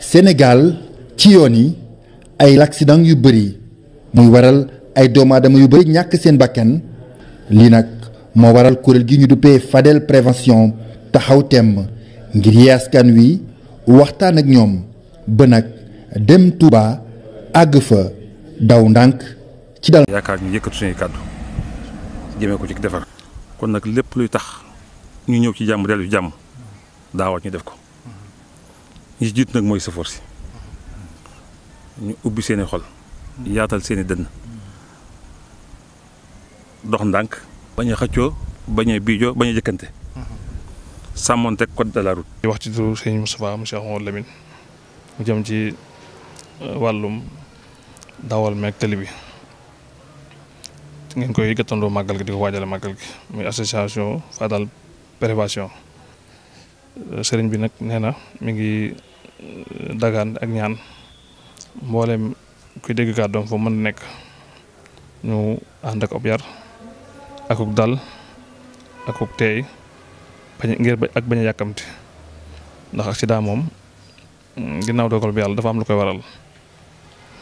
senegal ci yoon yi ay l'accident yu bëri muy waral ay doomu aadama yu bëri ñàkk seen bakkan lii nag moo waral kuréel gi ñu duppee Fadel prévention taxaw tem ngir yee wi waxtaan ak ñoom ba nag dem Touba àgg fa daw ndànk ci dal yaakaar ñu yëkkatu suñuy kàddu jëmee ko ci defar kon nag lépp luy tax ñu ñëw ci jàmm delu ci jàmm daawaat ñu def ko ñi jiit nag mooy safoor si ñu ubbi seeni xol yaatal seeni dënn dox ndànk bañ a xëccoo bañ a biijoo bañ a jëkkante sàmmoon teg code de la route wax ci turu sëñ Moustapha monsieur mu jëm ci euh, wàllum dawal meeg tali bi ngeen koy gëttandoo màggal gi di ko waajale màggal gi muy association Fadal Prévention sëriñ bi nag nee na mi ngi euh, dagaan ak ñaan mboolem kuy dégg kàddoom fa mën nekk ñu ànd ak ab yar akuk dal akuk teey bañ ngir ak bañ a yàkkamti ndax accident moom mm, naw dogal bi yàlla dafa am lu koy waral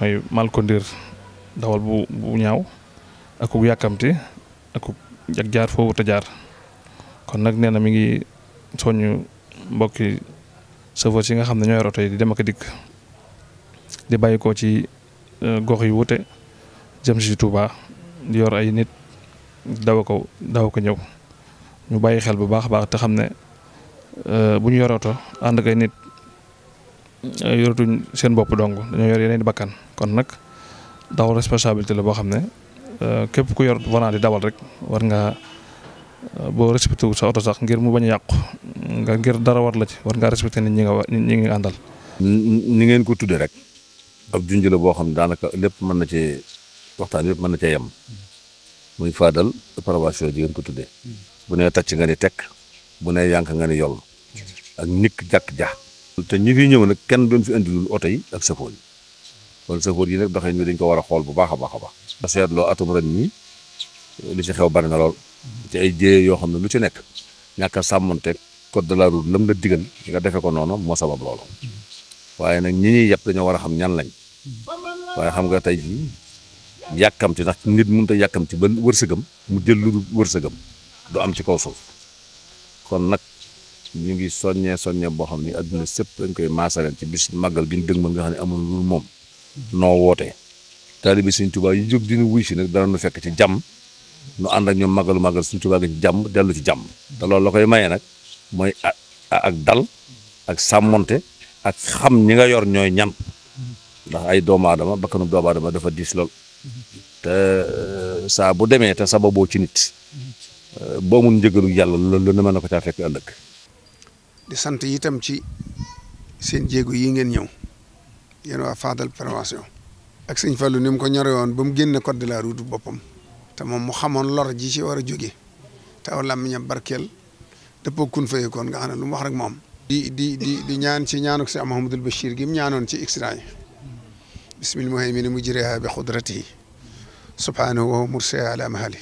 mooy mal dawal bu bu ñaaw akuk yàkkamti akuk ak jaar foo wut jaar kon nag nee mi ngi soññ mbokki chauffeur yi nga xam ne ñooy roto yi di dem ak dikk di bàyyi ko ci euh, gox yu wute jëm si Touba di yor ay nit daw ko daw ko ñëw ñu bàyyi xel bu baax a baax te xam ne euh, bu ñu yorooto ànd ak ay nit euh, yoratuñ seen bopp dong dañoo yor yeneen bakkan kon nag daw responsabilité la boo xam ne képp ku yor volant di dawal rek war bo respecté wul sa auto sax ngir mu baña a nga ngir dara war la ci war nga respecté nit ñi nga ñi ngi andal ni ngeen ko tuddé rek ab junj la bo xam ne daanaka lépp mën na ci waxtaan yëpp man na ci yam muy fadal préparation di ngeen ko tuddé bu nee tacc nga ni tek bu nee yank nga ni yoll ak nik jak ja te ñi fi ñëw nak kenn doon fi andilul auto yi ak safoor yi kon yi nag doxee ñu dañ ko wara xol bu baaxa baaxa ba a atum ren ni li ci xew bari na lool. ci ay jéye yoo xam ne lu ci nekk ñàkk a te code de la route lam la digal nga defe ko noonu moo sabab loolu waaye nag ñi ñuy yàpp dañoo war a xam ñan lañ waaye xam nga tey jii yàkkamti ndax nit mënut a yàkkamti ba wërsëgam mu jël lu wërsëgam du am ci kaw suuf kon nag ñu ngi soññee soññee boo xam ne adduna sëpp dañ koy maasaleen ci bis màggal gi ñu dëg nga xam ne amul lu moom noo wootee taalibi Sëñ Tuubaa yi jóg dina wuy si nag dana nu fekk ci jàmm nu ànd ak ñoom màggalu màggal suñu ci gi ci jàmm dellu ci jàmm te loolu la koy maye nag mooy ak dal ak sàmmonte ak xam ñi nga yor ñooy ñan ndax ay doomu aadama bakkanu doomu aadama dafa diis lool te euh, saa bu demee te sababoo ci nit euh, boo mun njëgalu yàlla loolu la man na ko caa fekk ëllëg. di sant itam ci seen jéego yi ngeen ñëw yéen waa Fadal prévention. ak sëñ Fallou ni mu ko ñore woon ba mu génne code de la boppam. te moom mu xamoon lor ji ci war a jóge te aw làmmiñam barkeel dëppoo kun fayekoon nga xam ne lu mu wax rek moom di di di di ñaan ci ñaanuk si Mahamadul Bachir gi mu ñaanoon ci extra yi bismil muhaymini mujriha bi xudratihi subhanahu wa mursiha ala mahali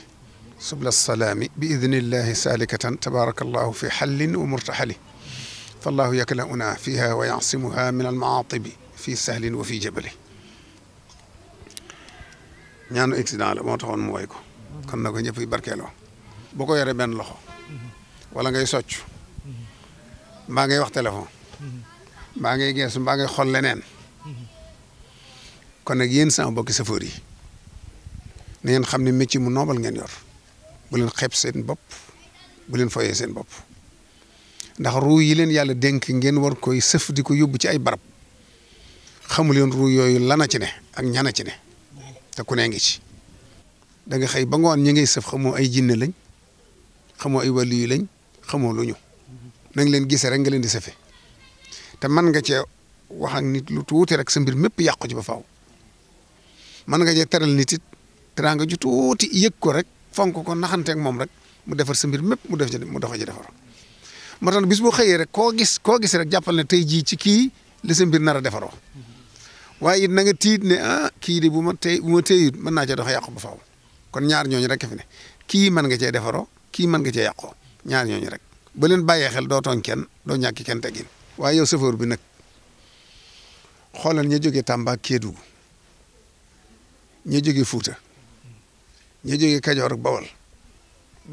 subla salaami bi idnillahi salikatan tabaraka allahu fi xallin wa murtaxali فالله يكلأنا فيها ويعصمها من المعاطب في سهل وفي جبل ñaanu accident la moo taxoon mu way ko kon na ko ñëpp yi barkeeloo bu ko yore benn loxo wala ngay socc mbaa ngay wax téléphone mbaa ngay geesu mbaa ngay xool leneen kon nag yéen sama bokki safoor yi na ngeen xam ne métier mu noobal ngeen yor bu leen xeeb seen bopp bu leen foyee seen bopp ndax ruu yi leen yàlla dénk ngeen war koy sëf di ko yóbbu ci ay barab xamu leen ruu yooyu lana ci ne ak ñana ci ne te ku nee ngi ci danga xëy ba ngoon ñi ngay sëf xamoo ay jinne lañ xamoo ay wàllu yi lañ xamoo lu ñu na leen gisee rek nga leen di sëfe te mën nga cee wax nit lu tuuti rek sa mbir mépp yàqu ci ba faw mën nga cee teral nit it teraa nga ju tuuti yëg ko rek fonk ko naxanteek moom rek mu defar sa mbir mépp mu def ci mu dox ci defar moo tax bis boo xëyee rek koo gis ko gis rek jàppal ne tey jii ci kii li sa mbir nar a defaroo waaye it na tiit ne ah kii de bu ma tey bu mën naa cee dox ba faaw. kon ñaar ñooñu rek fi kii mën nga cee defaroo kii mën nga cee yàqoo ñaar ñooñu rek ba leen bàyyee xel doo tooñ kenn doo ñàkki kenn teggin waaye yow chauffeur bi nag xoolal ña jógee Tamba Kédougou ña jógee Fuuta ña jógee Kajoor ak Bawol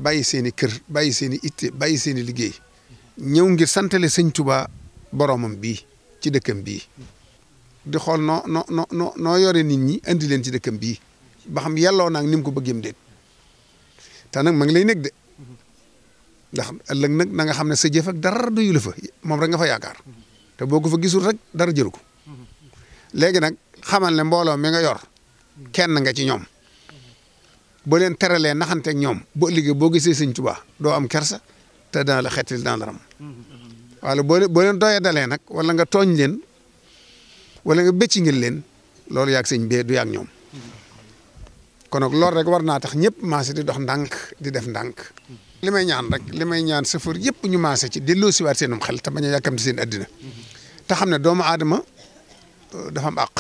bàyyi seen kër bàyyi seeni i itte bàyyi seen liggéey ñëw ngir santale sëñ Tuubaa boroomam bii ci dëkkam bii di xool noo noo noo noo yore nit ñi andi leen ci dëkkam bii ba xam yelloo naag ni mu ko bëggeem déet te nag ma ngi lay nekk de ndax nag na nga xam ne sa jëf dara doyu la fa moom rek nga fa yaakaar te boo ko fa gisul rek dara jëru ko léegi nag xamal ne mbooloo mi nga yor kenn nga ci ñoom boo leen teralee naxanteeg ñoom boo liggéey boo gisee sëñ Tuubaa doo am kersa te dana la xettil dana la ram wala boo boo leen doyee dalee nag wala nga tooñ leen wala nga bëcc ngil leen loolu yaag sëñ bee du yaag ñoom kon nak lor rek warna tax ñepp maase di dox ndank di def ndank limay ñaan rek limay ñaan sëfër yëpp ñu maase ci ci siwaat seenum xel ta baña yakam yàkkamti seen adina ta xamne doomu adama euh, dafa am ak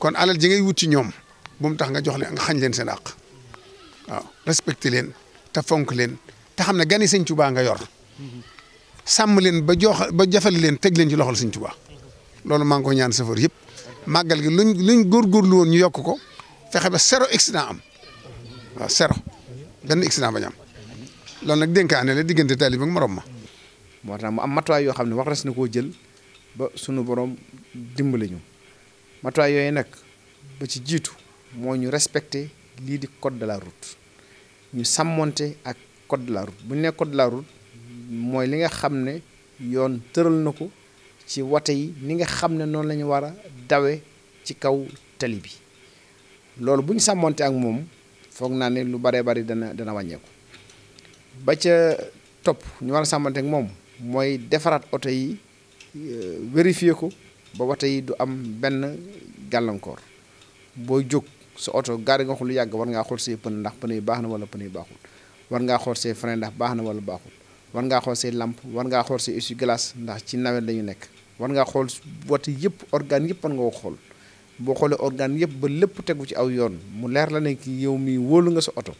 kon alal ji ngay wut ñom bu mu tax nga jox leen nga xagn leen seen ak waaw respecté leen ta fonk leen ta xamne gani seigne touba nga yor sam leen ba jox ba jafal leen tegg leen ci loxol seigne touba lolu ma ngi ko ñaan sëfër yëpp magal gi luñ luñ lu won ñu yok ko fexe ba zéro accident am waaw zéro benn accident bañ am loolu nag dénkaane la diggante taalibe ak moroom ma. moo tax mu am matuwaay yoo xam ne wax res koo jël ba sunu borom dimbali ñu matuwaay yooyu nag ba ci jiitu moo ñu respecté lii di code de la ñu sàmmoonte ak code de la route bu ñu nee code mooy li nga xam ne yoon tëral na ko ci wate yi ni nga xam ne noonu lañu ñu war a dawe ci kaw tali bi. loolu bu ñu sàmmonte ak moom foog naa ne lu baree bari dana dana wàññeeku ba ca topp ñu war a sàmmonte moom mooy defaraat oto yi euh, vérifier ko ba oto yi du am benn gàllankoor booy jóg sa oto gaari nga xul yàgg war ngaa xool say pën ndax pën yu baax na wala pën yi baaxul war ngaa xool say frein ndax baax na wala baaxul war ngaa xool see lamp war ngaa xool say essuie-glace ndax ci nawet lañu nekk war ngaa xool wata yëpp organe yëpp war nga ko xool bo xolé organe yëpp ba lépp tegu ci aw yoon mu leer la ne ki yow mi wolu nga sa auto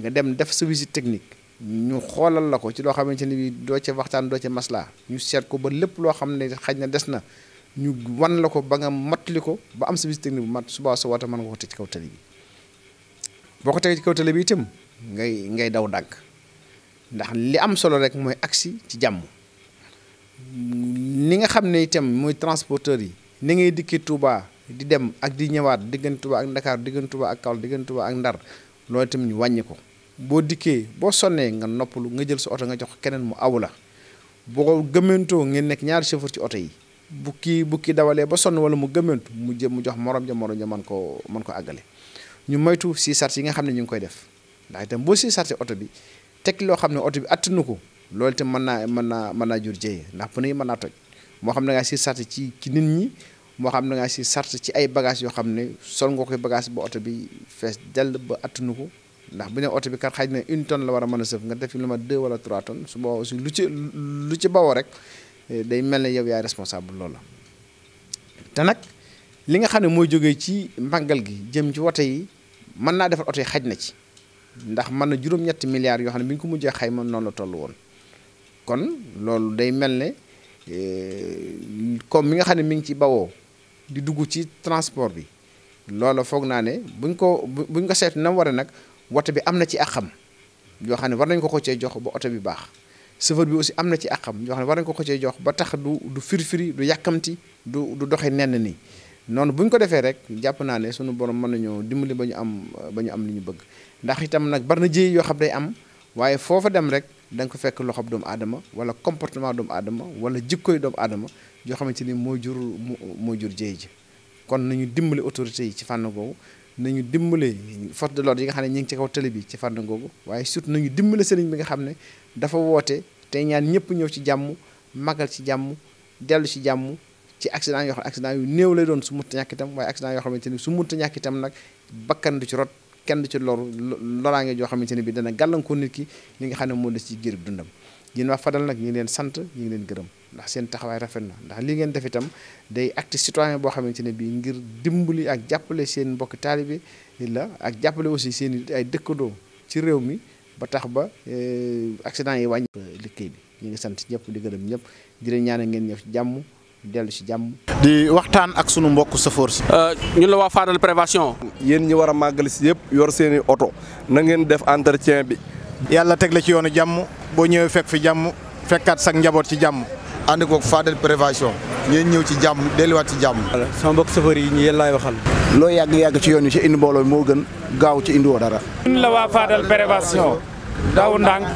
nga dem def sa visite technique ñu xolal la ko ci lo xamanteni bi do ci waxtaan do ci masla ñu sét ko ba lépp lo xam xajna desna na ñu wan la ko ba nga matliko ba am sa visite technique bu mat suba sa wata man nga ko teg ci kaw tali bi boko ko ci kaw tali bi itam ngay ngay daw dag ndax li am solo rek moy aksi ci jamm ni nga xam itam moy transporteur yi ni ngay dikki Touba di dem ak di ñëwaat diggante Tuuba ak Ndakaar diggante Tuuba ak Kaolack diggante Tuuba ak Ndar loolu itam ñu wàññi ko boo dikkee boo sonnee nga noppalu nga jël sa oto nga jox keneen mu aw la boo gëmmantoo ngeen nekk ñaari chauffeur ci oto yi bu kii bu kii dawalee ba sonn wala mu gëmmantu mu jëm mu jox morom ja morom ja mën koo mën ko àggale ñu moytu si sart yi nga xam ne ñu ngi koy def ndax itam boo si sartee oto bi teg loo xam ne oto bi attanu ko loolu itam mën naa mën naa mën naa jur jëye ndax pneu yi mën naa toj moo xam ne nga si sart ci ci nit ñi mo xam na nga si sart ci ay bagage yo xamne sol nga ko bagage bu auto bi fess del ba attunu ko ndax bu ne auto bi kat xajna na une tonne la wara a seuf nga def lu ma 2 wala 3 tonnes su bo aussi lu ci lu ci bawo rek eh, day melni yow ya responsable loola ta nak li nga xamne moy joge ci màggal gi jëm ci wote yi man na defal auto yi xajna ci ndax man na juróom ñet milliard yo xamne ne bi ñu ko mujjee xayma non la tollu won kon loolu day melni ne eh, comme mi nga xamne mi ngi ci bawoo di dugg ci transport bi loola foog naa ne buñ ko buñ ko seet na ware nag woto bi am na ci àqam yoo xam ne war nañ ko ko cee jox ba oto bi baax chauffeur aussi am na ci àqam yoo xam ne war nañ ko ko cee jox ba tax du du firfiri du yàkkamti du du doxe nenn nii noonu buñ ko defee rek jàpp naa ne sunu borom mën nañoo dimbali ba ñu am ba ñu am li ñu bëgg ndax itam nag bari na jéey yoo xam day am waaye foofa dem rek da nga ko fekk loxob doomu aadama wala comportement doomu aadama wala jikkoy doomu aadama yoo xamante ni moo jur moo jur jéey ji kon nañu dimbali autorités yi ci fànn googu nañu dimbali force de l'ordre yi nga xam ne ñu ngi ci kaw télé bi ci fànn googu waaye surtout nañu dimbali sëriñ bi nga xam ne dafa woote te ñaan ñëpp ñëw ci jàmm magal ci jàmm dellu ci jàmm ci accident yoo xam ne accident yu néew lay doon su munta ñàkk itam waaye accident yoo xamante ni su munta ñàkk itam nag bakkan du ci rot kenn ci loru loraange joo xamante ne bii dana gàllankoor nit ki li nga xam ne moo des ci giir dundam yéen waa Fadal nag ñu leen sant ñu ngi leen gërëm ndax seen taxawaay rafet na ndax li ngeen def itam day acte citoyen boo xamante ne bii ngir dimbali ak jàppale seen mbokk taalibe la ak jàppale aussi seen ay dëkkadoo ci réew mi ba tax ba eh, accident yi wàññi liggéey bi ñu ngi sant ñëpp di gërëm ñëpp di leen ngeen ñëw ci jàmm dellu si jàmm. di waxtaan ak sunu mbokk safoor si. Euh, ñu la waa Fadal prévation yéen ñi war a màggal si yëpp yor seeni oto na ngeen def entretien bi. yàlla teg la ci yoonu jàmm boo ñëwee fekk fi jàmm fekkaat sax njaboot ci jàmm. ànd koog Fadal prévention ngeen ñëw ci jàmm delluwaat ci jàmm. sama mbokk safoor yi yéen laay waxal. loo yàgg-yàgg ci yoon yi ci indi mbooloo moo gën gaaw ci indiwoo dara. ñun la waa Fadal prévention daw ndànk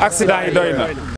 accident yi doy